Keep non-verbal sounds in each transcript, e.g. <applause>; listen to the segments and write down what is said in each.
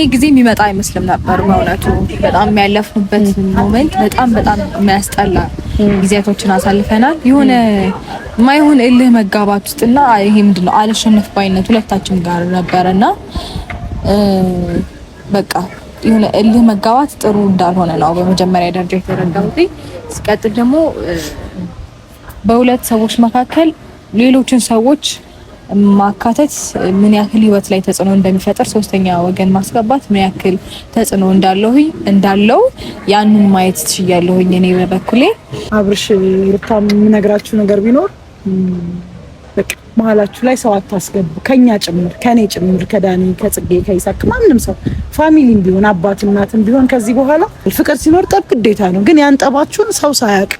ይሄ ጊዜ የሚመጣ አይመስልም ነበር በእውነቱ። በጣም የሚያለፍበት ሞመንት በጣም በጣም የሚያስጠላ ጊዜያቶችን አሳልፈናል። የሆነ ማይሆን እልህ መጋባት ውስጥና ይሄ ምንድነው ነው ባይነት ሁለታችን ጋር ነበረና በቃ የሆነ እልህ መጋባት ጥሩ እንዳልሆነ ነው በመጀመሪያ ደረጃ የተረዳሁት። ሲቀጥል ደግሞ በሁለት ሰዎች መካከል ሌሎችን ሰዎች ማካተት ምን ያክል ህይወት ላይ ተጽዕኖ እንደሚፈጥር ሶስተኛ ወገን ማስገባት ምን ያክል ተጽዕኖ እንዳለሁኝ እንዳለው ያንን ማየት ትችያለሁኝ። እኔ በበኩሌ አብርሽ ሩታም የምነግራችሁ ነገር ቢኖር መሀላችሁ ላይ ሰው አታስገቡ። ከኛ ጭምር ከኔ ጭምር ከዳኒ ከጽጌ ከይሳቅ ማንም ሰው ፋሚሊም ቢሆን አባት እናትም ቢሆን ከዚህ በኋላ ፍቅር ሲኖር ጠብ ግዴታ ነው። ግን ያን ጠባችሁን ሰው ሳያውቅ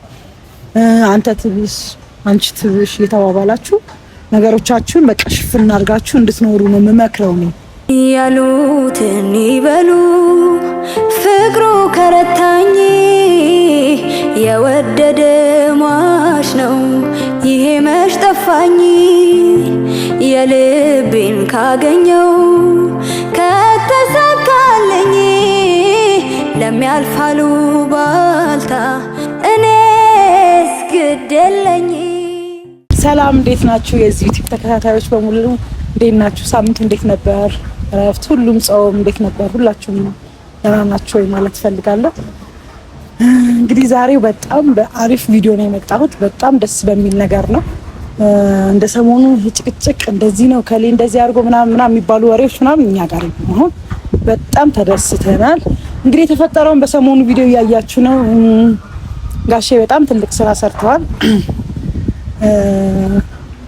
አንተ ትብስ አንቺ ትብሽ እየተባባላችሁ ነገሮቻችሁን በቃ ሽፍን አድርጋችሁ እንድትኖሩ ነው የምመክረው። ነው ያሉትን ይበሉ። ፍቅሩ ከረታኝ የወደደ ሟሽ ነው ይሄ መች ጠፋኝ። የልቤን ካገኘው ከተሰካልኝ ለሚያልፋሉ ባልታ ሰላም እንዴት ናችሁ? የዚህ ዩቲዩብ ተከታታዮች በሙሉ እንዴት ናችሁ? ሳምንት እንዴት ነበር? እረፍት፣ ሁሉም ጾም እንዴት ነበር? ሁላችሁም ደህና ናችሁ ወይ ማለት እፈልጋለሁ። እንግዲህ ዛሬው በጣም በአሪፍ ቪዲዮ ነው የመጣሁት። በጣም ደስ በሚል ነገር ነው። እንደ ሰሞኑ ጭቅጭቅ እንደዚህ ነው ከሌ እንደዚህ አድርጎ ምናምን ምናምን የሚባሉ ወሬዎች ምናምን እኛ ጋር አሁን በጣም ተደስተናል። እንግዲህ የተፈጠረውን በሰሞኑ ቪዲዮ እያያችሁ ነው። ጋሼ በጣም ትልቅ ስራ ሰርተዋል።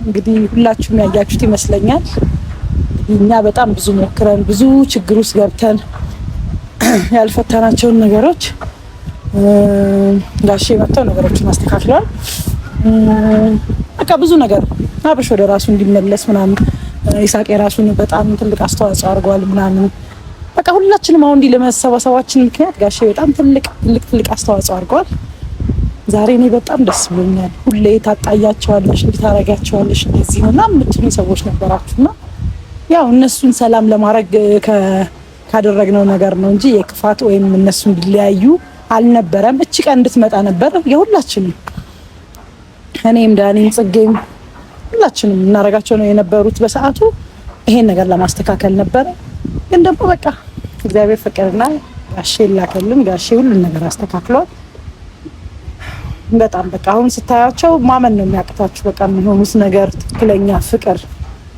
እንግዲህ ሁላችሁም ያያችሁት ይመስለኛል። እኛ በጣም ብዙ ሞክረን ብዙ ችግር ውስጥ ገብተን <clears throat> ያልፈታናቸውን ነገሮች ጋሼ መጥተው ነገሮችን አስተካክለዋል። በቃ ብዙ ነገር አብርሽ ወደ ራሱ እንዲመለስ ምናምን ኢሳቅ የራሱን በጣም ትልቅ አስተዋጽኦ አድርጓል ምናምን በቃ ሁላችንም አሁን እንዲህ ለመሰባሰባችን ምክንያት ጋሼ በጣም ትልቅ ትልቅ ትልቅ አስተዋጽኦ አድርጓል። ዛሬ እኔ በጣም ደስ ብሎኛል። ሁሌ ታጣያቸዋለሽ፣ እንዲህ ታረጊያቸዋለሽ፣ እንደዚህ ነው እና የምትሉ ሰዎች ነበራችሁ እና ያው እነሱን ሰላም ለማድረግ ካደረግነው ነገር ነው እንጂ የክፋት ወይም እነሱ እንዲለያዩ አልነበረም። እች ቀን እንድትመጣ ነበር የሁላችንም፣ እኔም፣ ዳኔም ጽጌም ሁላችንም እናረጋቸው ነው የነበሩት በሰዓቱ ይሄን ነገር ለማስተካከል ነበረ። ግን ደግሞ በቃ እግዚአብሔር ፍቅርና ጋሼ ላከልን። ጋሼ ሁሉን ነገር አስተካክሏል። በጣም በቃ አሁን ስታያቸው ማመን ነው የሚያቅታችሁ። በቃ የሚሆኑት ነገር ትክክለኛ ፍቅር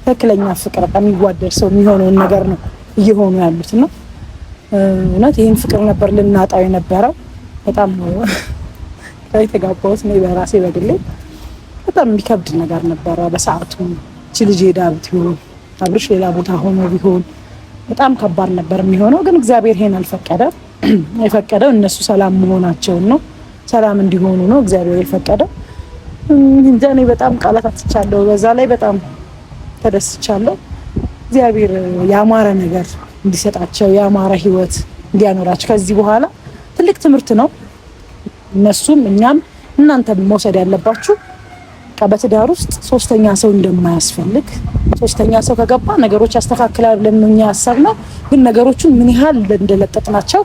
ትክክለኛ ፍቅር በቃ የሚዋደድ ሰው የሚሆነውን ነገር ነው እየሆኑ ያሉት እና እውነት ይህን ፍቅር ነበር ልናጣው የነበረው። በጣም ነው <laughs> የተጋባሁት እኔ በራሴ በግሌ በጣም የሚከብድ ነገር ነበረ በሰዓቱ። እቺ ልጅ ሄዳ ብትሆን አብርሽ ሌላ ቦታ ሆኖ ቢሆን በጣም ከባድ ነበር የሚሆነው። ግን እግዚአብሔር ይሄን አልፈቀደ <clears throat> የፈቀደው እነሱ ሰላም መሆናቸውን ነው። ሰላም እንዲሆኑ ነው እግዚአብሔር የፈቀደው። እንጃ እኔ በጣም ቃላት አጥቻለሁ። በዛ ላይ በጣም ተደስቻለሁ። እግዚአብሔር ያማረ ነገር እንዲሰጣቸው ያማረ ህይወት እንዲያኖራቸው ከዚህ በኋላ ትልቅ ትምህርት ነው። እነሱም እኛም እናንተም መውሰድ ያለባችሁ በትዳር ውስጥ ሶስተኛ ሰው እንደማያስፈልግ ሶስተኛ ሰው ከገባ ነገሮች ያስተካክላል ብለን እኛ ያሰብነው ግን ነገሮቹን ምን ያህል እንደለጠጥናቸው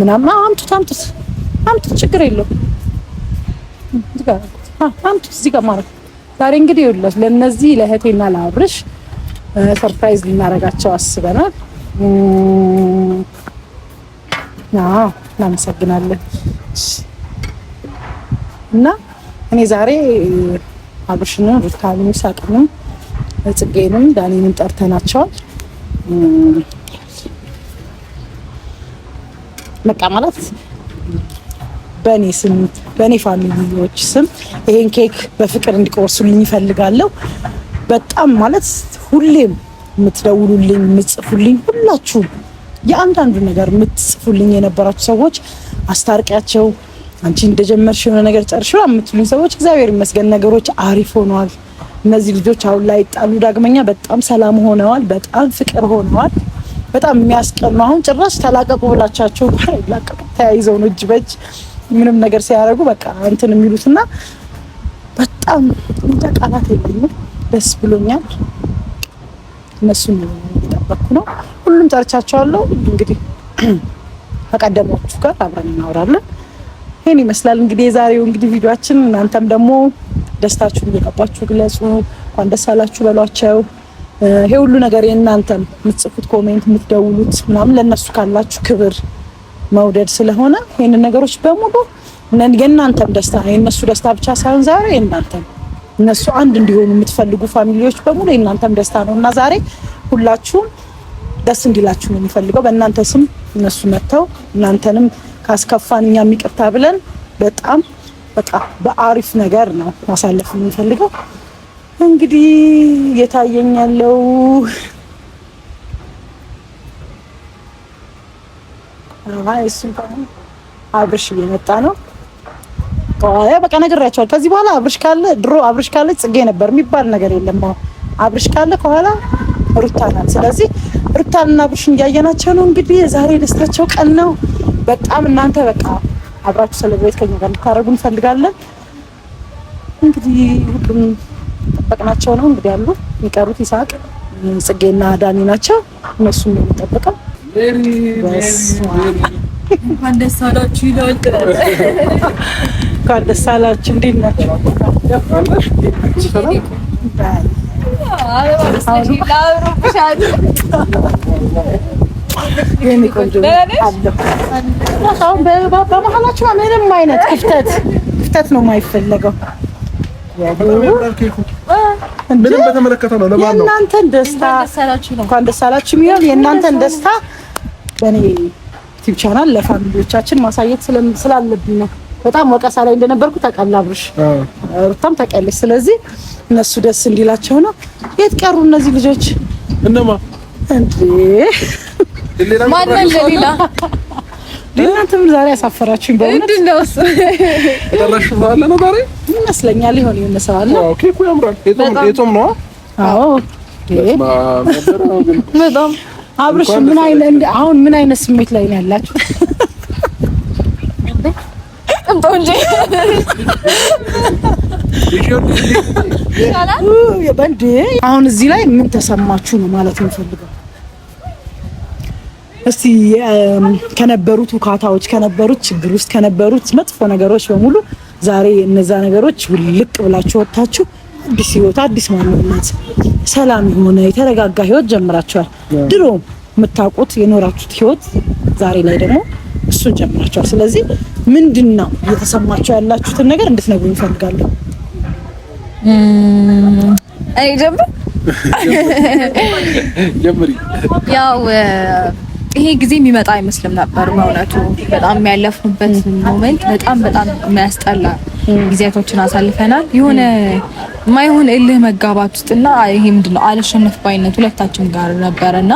ምናምን አምጡት አምጡት አምጡት፣ ችግር የለውም። አምጡት እዚህ ጋር ማለት ዛሬ እንግዲህ ይኸውልሽ ለእነዚህ ለእህቴና ለአብርሽ ሰርፕራይዝ ልናደርጋቸው አስበናል። አዎ እናመሰግናለን። እና እኔ ዛሬ አብርሽንም ሩታንም ይሳቅንም ጽጌንም ዳኒንም ጠርተናቸዋል። በቃ ማለት በእኔ ስም በእኔ ፋሚሊዎች ስም ይሄን ኬክ በፍቅር እንዲቆርሱልኝ ይፈልጋለሁ። በጣም ማለት ሁሌም የምትደውሉልኝ የምትጽፉልኝ፣ ሁላችሁም የአንዳንዱ ነገር የምትጽፉልኝ የነበራችሁ ሰዎች አስታርቂያቸው አንቺ እንደጀመርሽ የሆነ ነገር ጨርሽ የምትሉኝ ሰዎች እግዚአብሔር ይመስገን ነገሮች አሪፍ ሆነዋል። እነዚህ ልጆች አሁን ላይ ጣሉ ዳግመኛ በጣም ሰላም ሆነዋል። በጣም ፍቅር ሆነዋል። በጣም የሚያስቀኑ አሁን ጭራሽ ተላቀቁ ብላቻቸው ተያይዘው ነው እጅ በእጅ ምንም ነገር ሲያደርጉ በቃ እንትን የሚሉትና በጣም እንጃ ቃላት የለኝም። ደስ ብሎኛል። እነሱን እየጠበኩ ነው። ሁሉም ጠርቻቸዋለሁ። እንግዲህ ከቀደሞቹ ጋር አብረን እናወራለን። ይህን ይመስላል እንግዲህ የዛሬው እንግዲህ ቪዲዮችን። እናንተም ደግሞ ደስታችሁን እየቀባችሁ ግለጹ። እንኳን ደስ አላችሁ በሏቸው። ይሄ ሁሉ ነገር የእናንተም የምትጽፉት ኮሜንት፣ የምትደውሉት ምናምን ለእነሱ ካላችሁ ክብር መውደድ ስለሆነ ይህንን ነገሮች በሙሉ የእናንተም ደስታ የእነሱ ደስታ ብቻ ሳይሆን ዛሬ የእናንተም እነሱ አንድ እንዲሆኑ የምትፈልጉ ፋሚሊዎች በሙሉ የእናንተም ደስታ ነው እና ዛሬ ሁላችሁም ደስ እንዲላችሁ ነው የሚፈልገው። በእናንተ ስም እነሱ መጥተው እናንተንም ካስከፋን እኛ ይቅርታ ብለን በጣም በቃ በአሪፍ ነገር ነው ማሳለፍ የምንፈልገው። እንግዲህ እየታየኝ ያለው እሱም አብርሽ እየመጣ ነው። በቃ ነግሬያቸዋል። ከዚህ በኋላ አብርሽ ካለ ድሮ አብርሽ ካለ ጽጌ ነበር የሚባል ነገር የለም። አብርሽ ካለ ከኋላ ሩታ ናት። ስለዚህ ሩታና አብርሽን እያየናቸው ነው። እንግዲህ የዛሬ ደስታቸው ቀን ነው። በጣም እናንተ በቃ አብራችሁ ሰለብሬት ከኛ ጋር እንድታደርጉ እንፈልጋለን። እንግዲህ ሁሉም ጠበቅናቸው ነው። እንግዲህ ያሉ የሚቀሩት ይስሐቅ ጽጌና ዳኒ ናቸው። እነሱም ነው የምጠብቀው እንኳን ደስ አላችሁ ይላል። እንኳን ደስ አላችሁ። እንዴት ናችሁ? አሁን በመሀላችሁ ምንም አይነት ክፍተት ክፍተት ነው የማይፈለገው። ምንም በተመለከተ ነው። ለማን ነው የእናንተን ደስታ እንኳን ደስ አላችሁ የሚለው የእናንተን ደስታ በእኔ ዩቲዩብ ቻናል ለፋሚሊዎቻችን ማሳየት ስላለብኝ ነው። በጣም ወቀሳ ላይ እንደነበርኩ ተቀላብርሽ ሩታም ተቀለሽ። ስለዚህ እነሱ ደስ እንዲላቸው ነው። የት ቀሩ እነዚህ ልጆች? እነማ እንዴ? ማን ለሌላ እናንተም ዛሬ ያሳፈራችሁኝ በእውነት ነው። ተራሽ ባለ ነው ዛሬ ይመስለኛል ይሆን ይመስላል ነው። ኦኬ ያምራል። የጾም የጾም ነው። አዎ በጣም አብርሽ፣ ምን አይነት አሁን ምን አይነት ስሜት ላይ ነው ያላችሁ? አሁን እዚህ ላይ ምን ተሰማችሁ ነው ማለት የምፈልገው እስቲ ከነበሩት ውካታዎች ከነበሩት ችግር ውስጥ ከነበሩት መጥፎ ነገሮች በሙሉ ዛሬ እነዛ ነገሮች ውልቅ ብላችሁ ወጥታችሁ አዲስ ህይወት፣ አዲስ ማንነት፣ ሰላም የሆነ የተረጋጋ ህይወት ጀምራችኋል። ድሮ የምታውቁት የኖራችሁት ህይወት ዛሬ ላይ ደግሞ እሱን ጀምራችኋል። ስለዚህ ምንድን ነው እየተሰማችሁ ያላችሁትን ነገር እንድትነግሩ እፈልጋለሁ። እኔ ጀምር ያው ይሄ ጊዜ የሚመጣ አይመስልም ነበር። በእውነቱ በጣም የሚያለፍንበት ሞመንት በጣም በጣም የሚያስጠላ ጊዜያቶችን አሳልፈናል። የሆነ ማይሆን እልህ መጋባት ውስጥና ይሄ ምንድን ነው አልሸነፍ ባይነት ሁለታችን ጋር ነበረና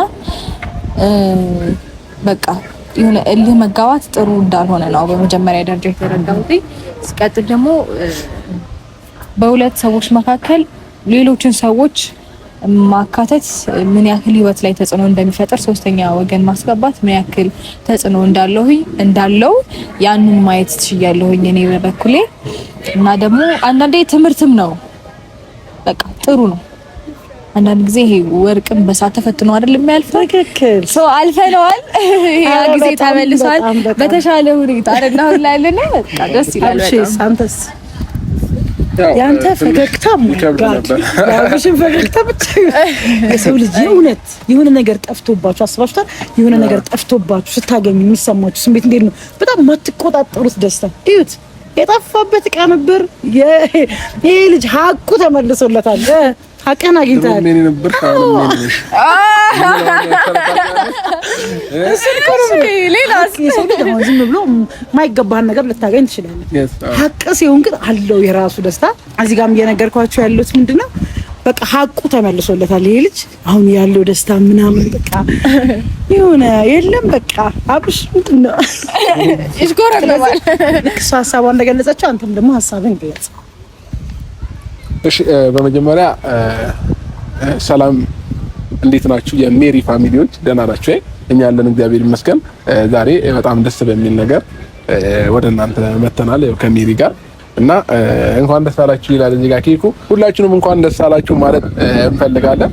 በቃ የሆነ እልህ መጋባት ጥሩ እንዳልሆነ ነው በመጀመሪያ ደረጃ የተረዳሁት። ሲቀጥል ደግሞ በሁለት ሰዎች መካከል ሌሎችን ሰዎች ማካተት ምን ያክል ህይወት ላይ ተጽዕኖ እንደሚፈጥር ሶስተኛ ወገን ማስገባት ምን ያክል ተጽዕኖ እንዳለሁኝ እንዳለው ያንን ማየት ትችያለሁኝ እኔ በበኩሌ እና ደግሞ አንዳንዴ ትምህርትም ነው። በቃ ጥሩ ነው። አንዳንድ ጊዜ ይሄ ወርቅም በሳት ተፈትኖ አይደል የሚያልፈው? ትክክል ሰው አልፈነዋል። ያ ጊዜ ተመልሷል በተሻለ ሁኔታ አረና አሁን ላይ ያለ ነው። በቃ ደስ ይላል በጣም የአንተ ፈገግታ ሙሽን ፈገግታ ብቻ ሰው ልጅ የእውነት የሆነ ነገር ጠፍቶባችሁ አስባችሁታል? የሆነ ነገር ጠፍቶባችሁ ስታገኙ የሚሰማችሁ ስሜት እንዴት ነው? በጣም የማትቆጣጠሩት ደስታ እዩት። የጠፋበት ዕቃ ነበር። ይሄ ልጅ ሀቁ ተመልሶለታል። ሀቅን አግኝተሃል። ዝም ብሎ የማይገባህን ነገር ልታገኝ ትችላለህ። uh. ሀቅ ሲሆን ግን አለው የራሱ ደስታ። እዚህ ጋርም እየነገርኳቸው ያሉት ምንድን ነው በቃ ሀቁ ተመልሶለታል። ይሄ ልጅ አሁን ያለው ደስታ ምናምን በቃ የሆነ የለም በቃ አብሽ ምንድን ነው ይሽኮረለማል። እሷ ሀሳቧን እንደገለጸችው አንተም ደግሞ ሀሳብን ገለጽ። እሺ በመጀመሪያ ሰላም እንዴት ናችሁ የሜሪ ፋሚሊዎች? ደህና ናችሁ? እኛ ያለን እግዚአብሔር ይመስገን። ዛሬ በጣም ደስ በሚል ነገር ወደ እናንተ መተናል ከሜሪ ጋር እና እንኳን ደስ አላችሁ ይላል እዚህ ጋር ኬኩ። ሁላችሁንም እንኳን ደስ አላችሁ ማለት እንፈልጋለን።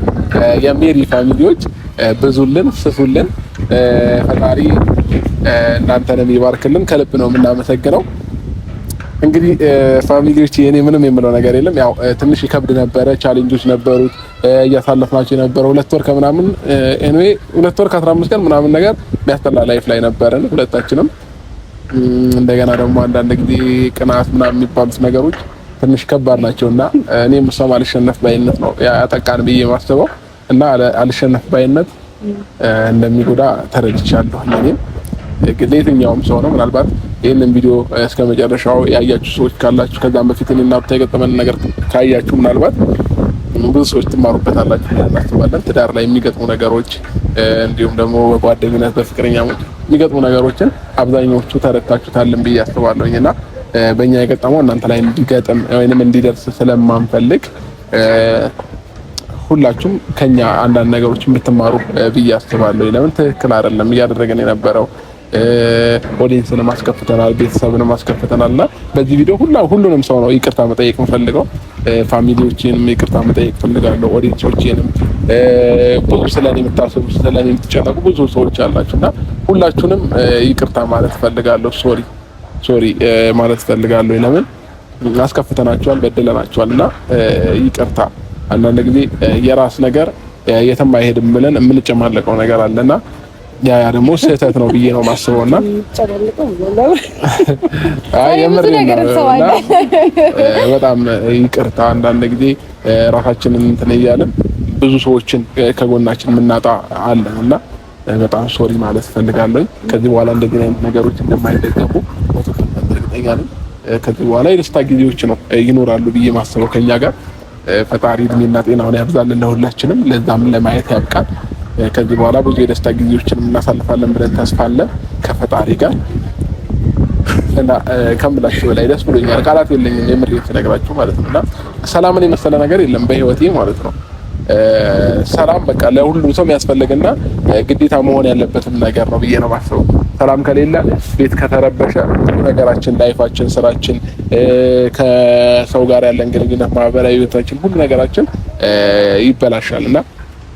የሜሪ ፋሚሊዎች ብዙልን፣ ስፉልን። ፈጣሪ እናንተንም ይባርክልን። ከልብ ነው የምናመሰግነው። እንግዲህ ፋሚሊዎች፣ የኔ ምንም የምለው ነገር የለም። ያው ትንሽ ይከብድ ነበረ፣ ቻሌንጆች ነበሩት እያሳለፍናቸው የነበረ ሁለት ወር ከምናምን ኤንዌይ ሁለት ወር ከአስራ አምስት ቀን ምናምን ነገር የሚያስጠላ ላይፍ ላይ ነበርን ሁለታችንም። እንደገና ደግሞ አንዳንድ ጊዜ ቅናት ምናምን የሚባሉት ነገሮች ትንሽ ከባድ ናቸው እና እኔም እሷም አልሸነፍ ባይነት ነው ያጠቃን ብዬ ማስበው እና አልሸነፍ ባይነት እንደሚጎዳ ተረድቻለሁ። እኔም ለየትኛውም ሰው ነው። ምናልባት ይህንን ቪዲዮ እስከ መጨረሻው ያያችሁ ሰዎች ካላችሁ ከዛም በፊት እኔና ብታይ የገጠመን ነገር ካያችሁ ምናልባት ነው። ብዙ ሰዎች ትማሩበታላችሁ እናስባለን። ትዳር ላይ የሚገጥሙ ነገሮች እንዲሁም ደግሞ በጓደኝነት በፍቅረኛሞች የሚገጥሙ ነገሮችን አብዛኞቹ ተረድታችሁታልን ብዬ አስባለሁኝ እና በእኛ የገጠመው እናንተ ላይ እንዲገጥም ወይንም እንዲደርስ ስለማንፈልግ ሁላችሁም ከኛ አንዳንድ ነገሮችን ብትማሩ ብዬ አስባለሁ። ለምን ትክክል አይደለም እያደረገን የነበረው ኦዲየንስንም አስከፍተናል፣ ቤተሰብንም አስከፍተናል እና በዚህ ቪዲዮ ሁላ ሁሉንም ሰው ነው ይቅርታ መጠየቅ የምፈልገው። ፋሚሊዎችንም ይቅርታ መጠየቅ ፈልጋለሁ። ኦዲየንሶችንም ብዙ ስለኔ የምታስቡ ስለኔ የምትጨነቁ ብዙ ሰዎች አላችሁ እና ሁላችሁንም ይቅርታ ማለት ፈልጋለሁ። ሶሪ ሶሪ ማለት ፈልጋለሁ። ለምን አስከፍተናቸዋል፣ በደለናቸዋል እና ይቅርታ። አንዳንድ ጊዜ የራስ ነገር የትም አይሄድም ብለን የምንጨማለቀው ነገር አለና ያ ያ ደግሞ ስህተት ነው ብዬ ነው የማስበው። እና አይ የምር በጣም ይቅርታ አንዳንድ ጊዜ ራሳችንን እንትን እያለን ብዙ ሰዎችን ከጎናችን የምናጣ አለን እና በጣም ሶሪ ማለት እፈልጋለሁ። ከዚህ በኋላ እንደዚህ አይነት ነገሮች እንደማይደገሙ እርግጠኛ ነኝ። ከዚህ በኋላ የደስታ ጊዜዎች ነው ይኖራሉ ብዬ ማስበው ከኛ ጋር ፈጣሪ እድሜና ጤናውን ያብዛልን ለሁላችንም፣ ለዛም ለማየት ያብቃል። ከዚህ በኋላ ብዙ የደስታ ጊዜዎችን እናሳልፋለን ብለን ተስፋ አለን ከፈጣሪ ጋር እና ከምላችሁ በላይ ደስ ብሎኛል። ቃላት የለኝም የምር ስነግራችሁ ማለት ነው። እና ሰላምን የመሰለ ነገር የለም በህይወቴ ማለት ነው። ሰላም በቃ ለሁሉም ሰው የሚያስፈልግና ግዴታ መሆን ያለበትም ነገር ነው ብዬ ነው ማስበው። ሰላም ከሌለ ቤት ከተረበሸ ነገራችን፣ ላይፋችን፣ ስራችን፣ ከሰው ጋር ያለን ግንኙነት፣ ማህበራዊ ህይወታችን፣ ሁሉ ነገራችን ይበላሻል እና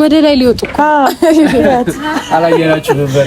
ወደ ላይ ሊወጡ እኮ አላየናችሁ ነበረ።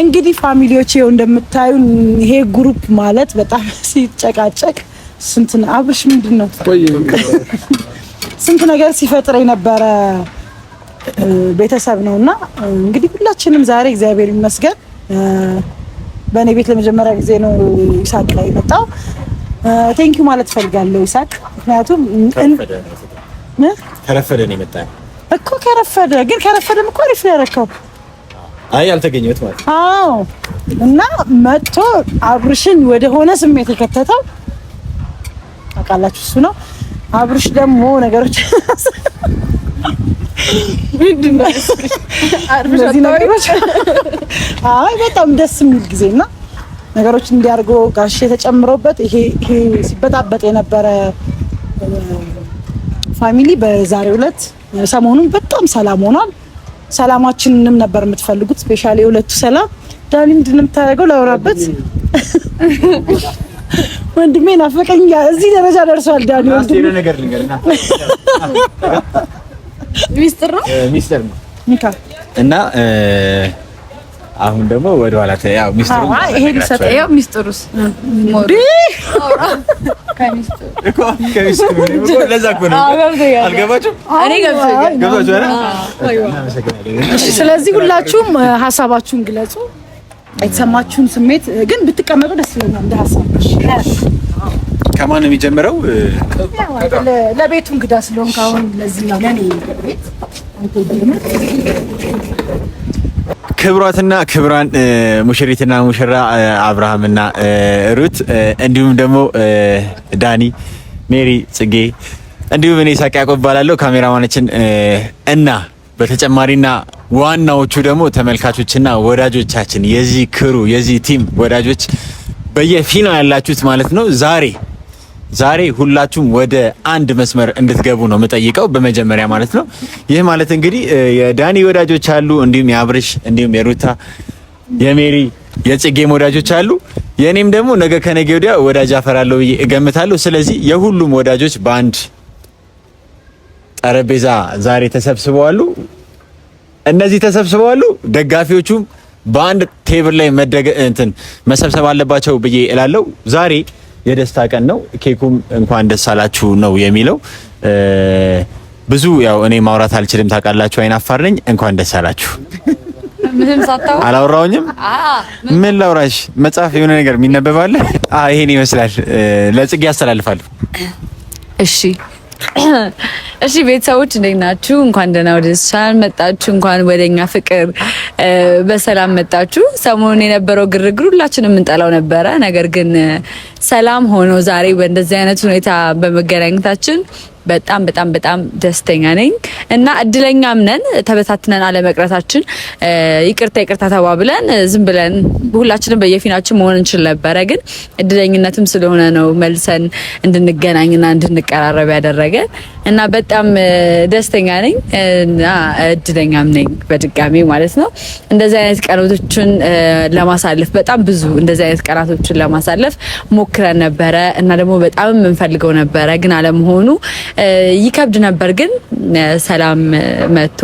እንግዲህ ፋሚሊዎች ይኸው እንደምታዩ ይሄ ግሩፕ ማለት በጣም ሲጨቃጨቅ ስንትን አብርሽ ምንድን ነው ስንት ነገር ሲፈጥር የነበረ ቤተሰብ ነው እና እንግዲህ ሁላችንም ዛሬ እግዚአብሔር ይመስገን በእኔ ቤት ለመጀመሪያ ጊዜ ነው ይሳቅ ላይ መጣው ቴንኪዩ ማለት ፈልጋለሁ ይሳቅ። ምክንያቱም ከረፈደ ነው የመጣ እኮ ከረፈደ ግን ከረፈደም እኮ አሪፍ ነው ያረከው። አይ አልተገኘሁት ማለት አዎ። እና መጥቶ አብርሽን ወደ ሆነ ስሜት የከተተው ታውቃላችሁ እሱ ነው። አብርሽ ደግሞ ነገሮች <laughs> ምንድን ነው አይ በጣም ደስ የሚል ጊዜ እና ነገሮች እንዲያርጎ ጋሼ ተጨምሮበት ይሄ ይሄ ሲበጣበጥ የነበረ ፋሚሊ በዛሬ ዕለት ሰሞኑን በጣም ሰላም ሆኗል። ሰላማችንንም ነበር የምትፈልጉት። ስፔሻሊ የሁለቱ ሰላም ዳኒ ምንድን የምታደርገው ላውራበት <laughs> ወንድሜ ናፈቀኝ። እዚህ ደረጃ ደርሷል። ዳኒ ወንድሜ ነገር ልንገርና ሚስጥር ነው ሚስጥር ነው እና አሁን ደግሞ ወደ ኋላ ያው ሚስጥሩ ይሄ ሊሰጠ ያው ሚስጥሩስ ሞዲ ከሚስጥሩ ስለዚህ ሁላችሁም ሀሳባችሁን ግለጹ። የተሰማችሁን ስሜት ግን ብትቀመጡ ደስ ይለኛል። እንደ ሀሳብ ከማን ነው የሚጀምረው? ለቤቱ እንግዳ ስለሆንክ አሁን ለዚህ ቤት ክብሯትና ክብሯን ሙሽሪትና ሙሽራ አብርሃምና ሩት እንዲሁም ደግሞ ዳኒ፣ ሜሪ፣ ጽጌ እንዲሁም እኔ ሳቅ ያቆብ እባላለሁ ካሜራማኖችን እና በተጨማሪና ዋናዎቹ ደግሞ ተመልካቾችና ወዳጆቻችን የዚህ ክሩ የዚህ ቲም ወዳጆች በየፊናው ያላችሁት ማለት ነው ዛሬ ዛሬ ሁላችሁም ወደ አንድ መስመር እንድትገቡ ነው የምጠይቀው፣ በመጀመሪያ ማለት ነው። ይህ ማለት እንግዲህ የዳኒ ወዳጆች አሉ፣ እንዲሁም የአብርሽ እንዲሁም የሩታ የሜሪ የጽጌም ወዳጆች አሉ። የእኔም ደግሞ ነገ ከነገ ወዲያ ወዳጅ አፈራለሁ ብዬ እገምታለሁ። ስለዚህ የሁሉም ወዳጆች በአንድ ጠረጴዛ ዛሬ ተሰብስበዋሉ። እነዚህ ተሰብስበዋሉ። ደጋፊዎቹም በአንድ ቴብል ላይ መደገ እንትን መሰብሰብ አለባቸው ብዬ እላለሁ ዛሬ የደስታ ቀን ነው። ኬኩም እንኳን ደስ አላችሁ ነው የሚለው። ብዙ ያው እኔ ማውራት አልችልም ታውቃላችሁ፣ አይናፋር ነኝ። እንኳን ደስ አላችሁ። ምንም ሳታው አላወራውኝም። ምን ላውራሽ? መጽሐፍ የሆነ ነገር የሚነበባለ ይሄን ይመስላል። ለጽጌ አስተላልፋለሁ። እሺ እሺ ቤተሰቦች እንዴት ናችሁ? እንኳን ደህና ወደ ቻናል መጣችሁ። እንኳን ወደኛ ፍቅር በሰላም መጣችሁ። ሰሞኑን የነበረው ግርግር ሁላችንም የምንጠላው ነበረ። ነገር ግን ሰላም ሆኖ ዛሬ በእንደዚህ አይነት ሁኔታ በመገናኘታችን በጣም በጣም በጣም ደስተኛ ነኝ እና እድለኛም ነን። ተበታትነን አለመቅረታችን ይቅርታ ይቅርታ ተባብለን ዝም ብለን ሁላችንም በየፊናችን መሆን እንችል ነበረ፣ ግን እድለኝነትም ስለሆነ ነው መልሰን እንድንገናኝና እንድንቀራረብ ያደረገ እና በጣም ደስተኛ ነኝ እና እድለኛም ነኝ በድጋሚ ማለት ነው። እንደዚህ አይነት ቀናቶችን ለማሳለፍ በጣም ብዙ እንደዚህ አይነት ቀናቶችን ለማሳለፍ ሞክረን ነበረ እና ደግሞ በጣም የምንፈልገው ነበረ ግን አለመሆኑ ይከብድ ነበር። ግን ሰላም መጥቶ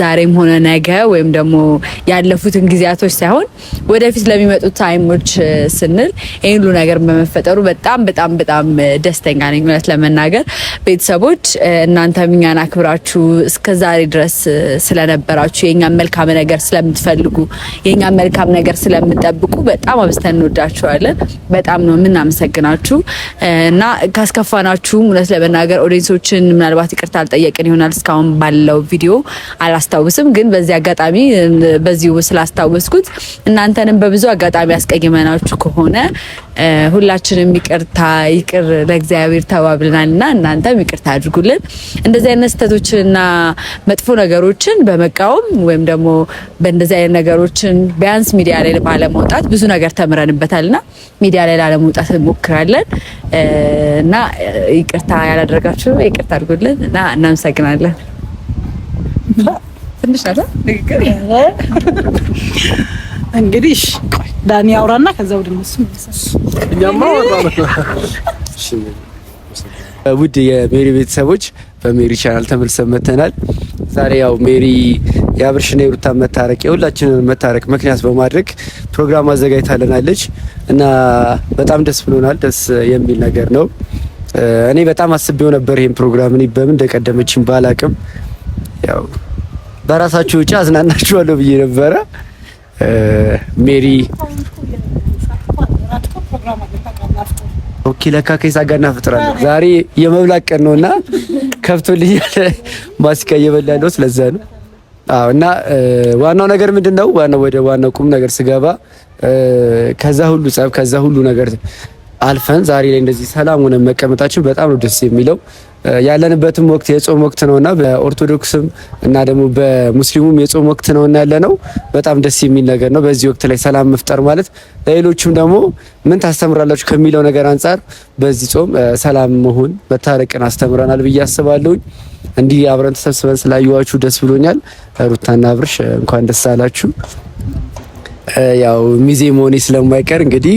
ዛሬም ሆነ ነገ ወይም ደግሞ ያለፉትን ጊዜያቶች ሳይሆን ወደፊት ለሚመጡት ታይሞች ስንል ይህን ሁሉ ነገር በመፈጠሩ በጣም በጣም በጣም ደስተኛ ነኝ እውነት ለመናገር ቤተሰቦች እና እናንተም እኛን አክብራችሁ እስከ ዛሬ ድረስ ስለነበራችሁ የእኛን መልካም ነገር ስለምትፈልጉ የእኛን መልካም ነገር ስለምትጠብቁ በጣም አብዝተን እንወዳችኋለን። በጣም ነው የምናመሰግናችሁ እና ካስከፋናችሁም እውነት ለመናገር ኦዲንሶችን ምናልባት ይቅርታ አልጠየቅን ይሆናል እስካሁን ባለው ቪዲዮ አላስታውስም። ግን በዚህ አጋጣሚ በዚሁ ስላስታወስኩት እናንተንም በብዙ አጋጣሚ ያስቀይመናችሁ ከሆነ ሁላችንም ይቅርታ ይቅር ለእግዚአብሔር ተባብለናል እና እናንተም ይቅርታ አድርጉልን። እንደዚህ አይነት ስህተቶችንና መጥፎ ነገሮችን በመቃወም ወይም ደግሞ በእንደዚህ አይነት ነገሮችን ቢያንስ ሚዲያ ላይ ባለመውጣት ብዙ ነገር ተምረንበታልና ሚዲያ ላይ ላለመውጣት እንሞክራለን እና ይቅርታ ያላደረጋችሁ ይቅርታ አድርጉልን እና እናመሰግናለን። ትንሽ ናታ ንግግር እንግዲህ ዳኒ አውራና ከዛ ወደ እነሱ <laughs> ውድ የሜሪ ቤተሰቦች በሜሪ ቻናል ተመልሰን መተናል። ዛሬ ያው ሜሪ የአብርሽና የሩታ መታረቅ የሁላችንን መታረቅ ምክንያት በማድረግ ፕሮግራም አዘጋጅታለናለች እና በጣም ደስ ብሎናል። ደስ የሚል ነገር ነው። እኔ በጣም አስቤው ነበር ይህን ፕሮግራም እኔ በምን እንደቀደመችን ባላቅም፣ ያው በራሳችሁ ውጭ አዝናናችኋለሁ ብዬ ነበረ። ሜሪ ኦኬ፣ ለካ ከይሳ ጋር እናፍጥራለን። ዛሬ የመብላት ቀን ነውና ከፍቶልኛል። ማስካ እየበላ ያለው ስለዛ ነው። አዎ። እና ዋናው ነገር ምንድነው? ዋናው ወደ ዋናው ቁም ነገር ስገባ ከዛ ሁሉ ጸብ፣ ከዛ ሁሉ ነገር አልፈን ዛሬ ላይ እንደዚህ ሰላም ሆነ መቀመጣችን በጣም ነው ደስ የሚለው። ያለንበትም ወቅት የጾም ወቅት ነውና በኦርቶዶክስም እና ደግሞ በሙስሊሙም የጾም ወቅት ነውና ያለነው በጣም ደስ የሚል ነገር ነው። በዚህ ወቅት ላይ ሰላም መፍጠር ማለት ለሌሎችም ደግሞ ምን ታስተምራላችሁ ከሚለው ነገር አንጻር በዚህ ጾም ሰላም መሆን መታረቅን አስተምረናል ብዬ አስባለሁኝ። እንዲህ አብረን ተሰብስበን ስላየኋችሁ ደስ ብሎኛል። ሩታና አብርሽ እንኳን ደስ አላችሁ። ያው ሚዜ መሆኔ ስለማይቀር እንግዲህ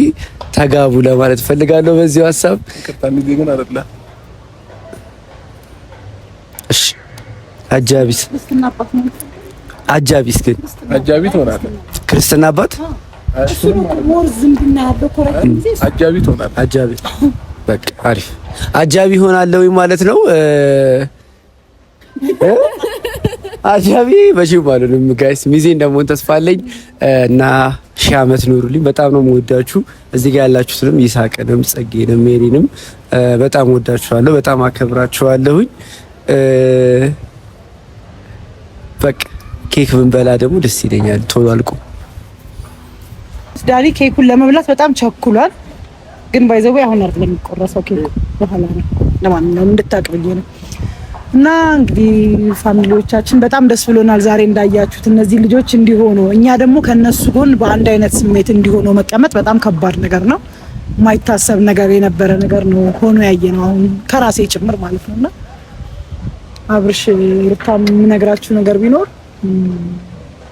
ተጋቡ ለማለት ፈልጋለሁ በዚሁ ሀሳብ። እሺ አጃቢስ አጃቢስ ግን አጃቢት ትሆናለህ። ክርስትና አባት አጃቢት አጃቢ በቃ አሪፍ አጃቢ ሆናለሁ ማለት ነው። እ አጃቢ በሺው ባልሆንም ጋይስ ሚዜ እንደመሆን ተስፋ አለኝ እና ሺህ ዓመት ኑሩልኝ። በጣም ነው የምወዳችሁ። እዚህ ጋር ያላችሁትንም ይሳቅንም፣ ጸጌንም፣ ሜሪንም በጣም ወዳችኋለሁ። በጣም አከብራችኋለሁኝ። በቃ ኬክ ብንበላ ደግሞ ደስ ይለኛል። ቶሎ አልቆ ዳኒ ኬኩን ለመብላት በጣም ቸኩሏል። ግን ባይዘው አሁን አይደለም የሚቆረሰው ኬኩ በኋላ ነው። ለማንኛውም እንድታቅብዬ ነው እና እንግዲህ ፋሚሊዎቻችን በጣም ደስ ብሎናል ዛሬ እንዳያችሁት እነዚህ ልጆች እንዲሆኑ እኛ ደግሞ ከነሱ ጎን በአንድ አይነት ስሜት እንዲሆኑ መቀመጥ በጣም ከባድ ነገር ነው። የማይታሰብ ነገር የነበረ ነገር ነው ሆኖ ያየ ነው። አሁን ከራሴ ጭምር ማለት ነው። እና አብርሽ ልታም የምነግራችሁ ነገር ቢኖር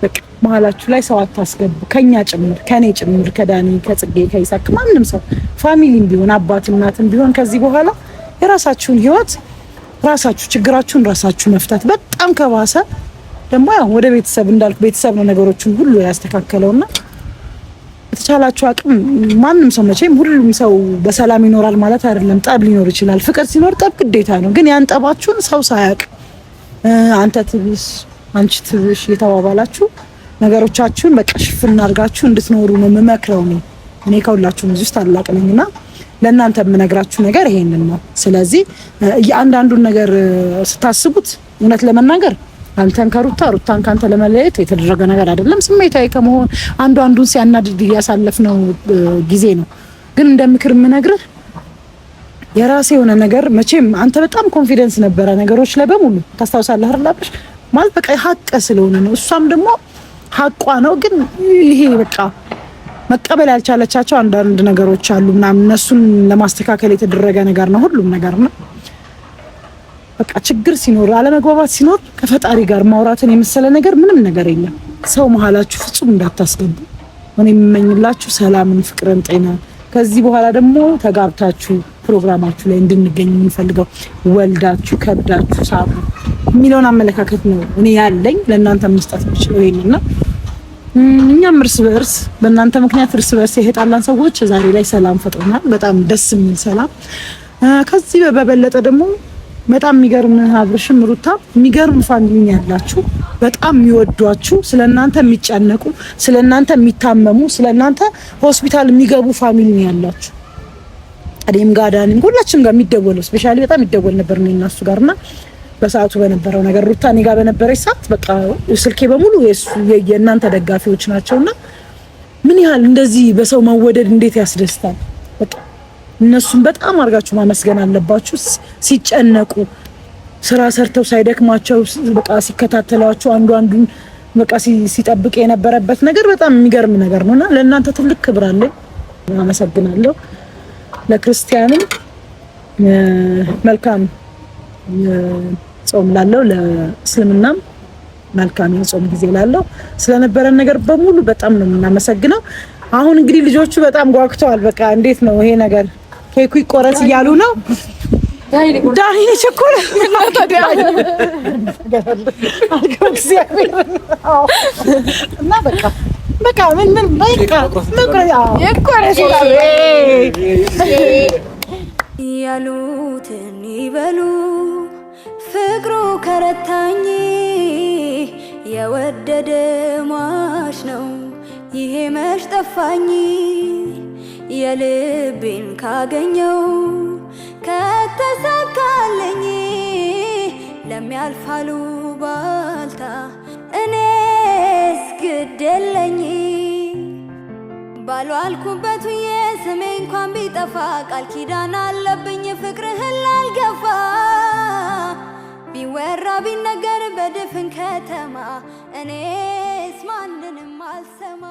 በቃ መሀላችሁ ላይ ሰው አታስገቡ። ከኛ ጭምር ከኔ ጭምር ከዳኒ ከጽጌ ከይሳክ ማንም ሰው ፋሚሊም ቢሆን አባት እናትም ቢሆን ከዚህ በኋላ የራሳችሁን ህይወት ራሳችሁ ችግራችሁን ራሳችሁ መፍታት በጣም ከባሰ ደግሞ ያው ወደ ቤተሰብ እንዳልኩ ቤተሰብ ነው ነገሮችን ሁሉ ያስተካከለውና የተቻላችሁ አቅም ማንም ሰው መቼም ሁሉም ሰው በሰላም ይኖራል ማለት አይደለም። ጠብ ሊኖር ይችላል። ፍቅር ሲኖር ጠብ ግዴታ ነው። ግን ያን ጠባችሁን ሰው ሳያውቅ አንተ ትብስ አንቺ ትብሽ እየተባባላችሁ ነገሮቻችሁን በቃ ሽፍን አድርጋችሁ እንድትኖሩ ነው የምመክረው። እኔ ከሁላችሁም እዚህ ውስጥ ታላቅ ነኝና ለእናንተ የምነግራችሁ ነገር ይሄንን ነው። ስለዚህ የአንዳንዱን ነገር ስታስቡት እውነት ለመናገር አንተን ከሩታ ሩታን ከአንተ ለመለየት የተደረገ ነገር አይደለም። ስሜታዊ ከመሆን አንዱ አንዱን ሲያናድድ እያሳለፍነው ጊዜ ነው። ግን እንደ ምክር የምነግርህ የራሴ የሆነ ነገር መቼም አንተ በጣም ኮንፊደንስ ነበረ ነገሮች ላይ በሙሉ ታስታውሳለህ። አላብሽ ማለት በቃ ሀቅ ስለሆነ ነው። እሷም ደግሞ ሀቋ ነው። ግን ይሄ በቃ መቀበል ያልቻለቻቸው አንዳንድ ነገሮች አሉ ምናምን እነሱን ለማስተካከል የተደረገ ነገር ነው ሁሉም ነገር ነው። በቃ ችግር ሲኖር አለመግባባት ሲኖር ከፈጣሪ ጋር ማውራትን የመሰለ ነገር ምንም ነገር የለም። ሰው መሀላችሁ ፍጹም እንዳታስገቡ። እኔ የምመኝላችሁ ሰላምን፣ ፍቅርን፣ ጤና ከዚህ በኋላ ደግሞ ተጋብታችሁ ፕሮግራማችሁ ላይ እንድንገኝ የምንፈልገው ወልዳችሁ ከብዳችሁ ሳቡ የሚለውን አመለካከት ነው እኔ ያለኝ ለእናንተ መስጠት የምችለው ይሄንና እኛም እርስ በእርስ በእናንተ ምክንያት እርስ በእርስ የሄጣላን ሰዎች ዛሬ ላይ ሰላም ፈጥሮናል። በጣም ደስ የሚል ሰላም። ከዚህ በበለጠ ደግሞ በጣም የሚገርም አብርሽም ሩታ የሚገርም ፋሚሊ ያላችሁ በጣም የሚወዷችሁ ስለ እናንተ የሚጨነቁ ስለ እናንተ የሚታመሙ ስለ እናንተ ሆስፒታል የሚገቡ ፋሚሊ ያላችሁ እኔም ጋር ዳኒም ሁላችንም ጋር የሚደወለው ስፔሻሊ በጣም ይደወል ነበር እኔ እና እሱ ጋር እና በሰዓቱ በነበረው ነገር ሩታ እኔ ጋር በነበረች ሰዓት በቃ ስልኬ በሙሉ የእናንተ ደጋፊዎች ናቸውና ምን ያህል እንደዚህ በሰው መወደድ እንዴት ያስደስታል። በቃ እነሱም በጣም አድርጋችሁ ማመስገን አለባችሁ። ሲጨነቁ ስራ ሰርተው ሳይደክማቸው በቃ ሲከታተሏቸው አንዱ አንዱን በቃ ሲጠብቅ የነበረበት ነገር በጣም የሚገርም ነገር ነው ለእናንተ ትልቅ ክብር አለኝ። አመሰግናለሁ። ለክርስቲያንም መልካም ጾም ላለው ለእስልምናም መልካም የጾም ጊዜ ላለው ስለነበረን ነገር በሙሉ በጣም ነው የምናመሰግነው። አሁን እንግዲህ ልጆቹ በጣም ጓግተዋል። በቃ እንዴት ነው ይሄ ነገር ኬኩ ይቆረስ እያሉ ነው። ዳኒ ቸኮለ እና በቃ በቃ ምን ምን በቃ ይቆረስ ያሉትን ይበሉ ፍቅሩ ከረታኝ የወደደ ሟች ነው ይሄ መች ጠፋኝ የልቤን ካገኘው ከተሳካለኝ ለሚያልፋሉ ባልታ እኔስ ግደለኝ የለኝ ባሉ አልኩበት ስሜ እንኳን ቢጠፋ ቃል ኪዳን አለብኝ ፍቅርህን ላልገፋ ቢወራ ቢነገር በድፍን ከተማ እኔስ ማንንም አልሰማ